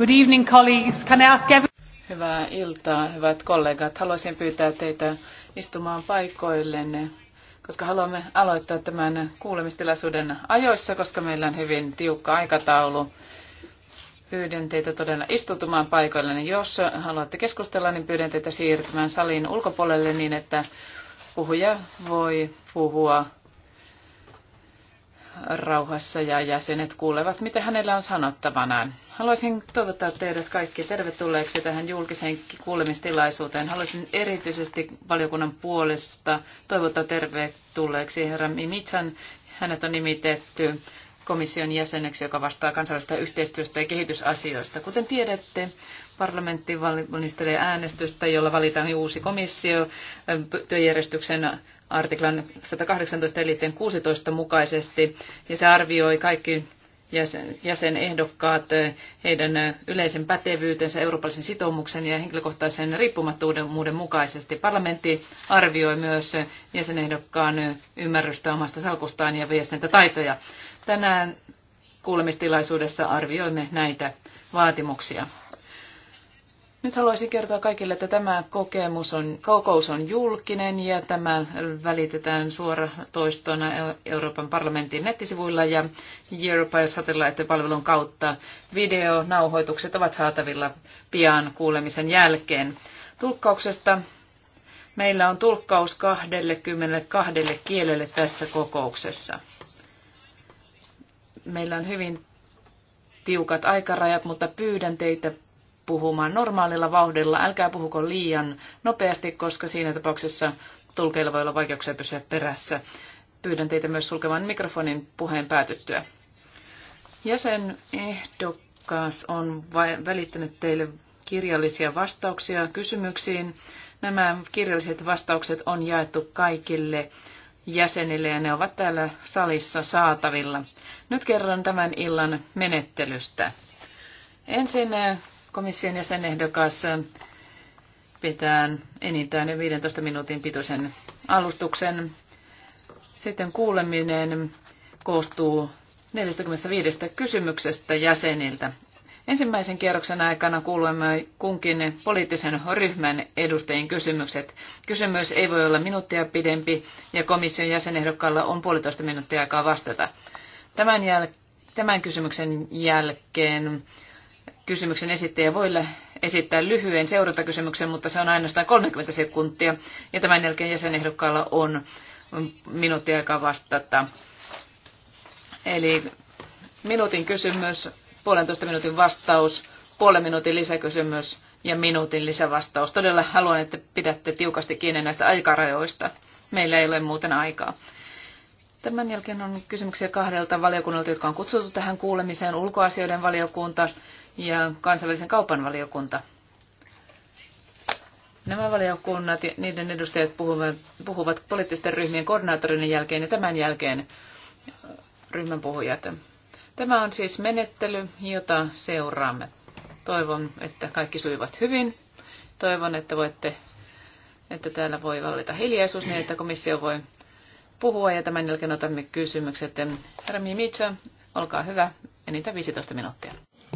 Good evening, colleagues. Can I ask everyone... Hyvää iltaa, hyvät kollegat. Haluaisin pyytää teitä istumaan paikoillenne, koska haluamme aloittaa tämän kuulemistilaisuuden ajoissa, koska meillä on hyvin tiukka aikataulu. Pyydän teitä todella istutumaan paikoillenne. Jos haluatte keskustella, niin pyydän teitä siirtymään salin ulkopuolelle niin, että puhuja voi puhua rauhassa ja jäsenet kuulevat, mitä hänellä on sanottavanaan. Haluaisin toivottaa teidät kaikki tervetulleeksi tähän julkiseen kuulemistilaisuuteen. Haluaisin erityisesti valiokunnan puolesta toivottaa tervetulleeksi herra Mimitsan. Hänet on nimitetty komission jäseneksi, joka vastaa kansainvälisestä yhteistyöstä ja kehitysasioista. Kuten tiedätte, parlamentti valmistelee äänestystä, jolla valitaan uusi komissio työjärjestyksen artiklan 118 eli 16 mukaisesti, ja se arvioi kaikki jäsen, jäsenehdokkaat, heidän yleisen pätevyytensä, eurooppalaisen sitoumuksen ja henkilökohtaisen riippumattomuuden mukaisesti. Parlamentti arvioi myös jäsenehdokkaan ymmärrystä omasta salkustaan ja viestintätaitoja. Tänään kuulemistilaisuudessa arvioimme näitä vaatimuksia. Nyt haluaisin kertoa kaikille, että tämä kokemus on, kokous on julkinen ja tämä välitetään suora toistona Euroopan parlamentin nettisivuilla ja Euroopan Satellite-palvelun kautta. Videonauhoitukset ovat saatavilla pian kuulemisen jälkeen. Tulkkauksesta meillä on tulkkaus 22 kielelle tässä kokouksessa. Meillä on hyvin tiukat aikarajat, mutta pyydän teitä puhumaan normaalilla vauhdilla. Älkää puhuko liian nopeasti, koska siinä tapauksessa tulkeilla voi olla vaikeuksia pysyä perässä. Pyydän teitä myös sulkemaan mikrofonin puheen päätyttyä. ehdokkaas on välittänyt teille kirjallisia vastauksia kysymyksiin. Nämä kirjalliset vastaukset on jaettu kaikille jäsenille ja ne ovat täällä salissa saatavilla. Nyt kerron tämän illan menettelystä. Ensin komission jäsenehdokas pitää enintään 15 minuutin pitoisen alustuksen. Sitten kuuleminen koostuu 45 kysymyksestä jäseniltä. Ensimmäisen kierroksen aikana kuulemme kunkin poliittisen ryhmän edustajien kysymykset. Kysymys ei voi olla minuuttia pidempi ja komission jäsenehdokkaalla on puolitoista minuuttia aikaa vastata. Tämän, jäl- tämän kysymyksen jälkeen kysymyksen esittäjä voi esittää lyhyen seurantakysymyksen, mutta se on ainoastaan 30 sekuntia. Ja tämän jälkeen jäsenehdokkaalla on minuutti aikaa vastata. Eli minuutin kysymys, puolentoista minuutin vastaus, puolen minuutin lisäkysymys ja minuutin lisävastaus. Todella haluan, että pidätte tiukasti kiinni näistä aikarajoista. Meillä ei ole muuten aikaa. Tämän jälkeen on kysymyksiä kahdelta valiokunnalta, jotka on kutsuttu tähän kuulemiseen, ulkoasioiden valiokunta ja kansainvälisen kaupan valiokunta. Nämä valiokunnat ja niiden edustajat puhuvat, puhuvat poliittisten ryhmien koordinaattorin jälkeen ja tämän jälkeen ryhmän puhujat. Tämä on siis menettely, jota seuraamme. Toivon, että kaikki sujuvat hyvin. Toivon, että voitte, että täällä voi vallita hiljaisuus niin, että komissio voi puhua ja tämän jälkeen otamme kysymykset. Herra Mimitsa, olkaa hyvä, enintään 15 minuuttia.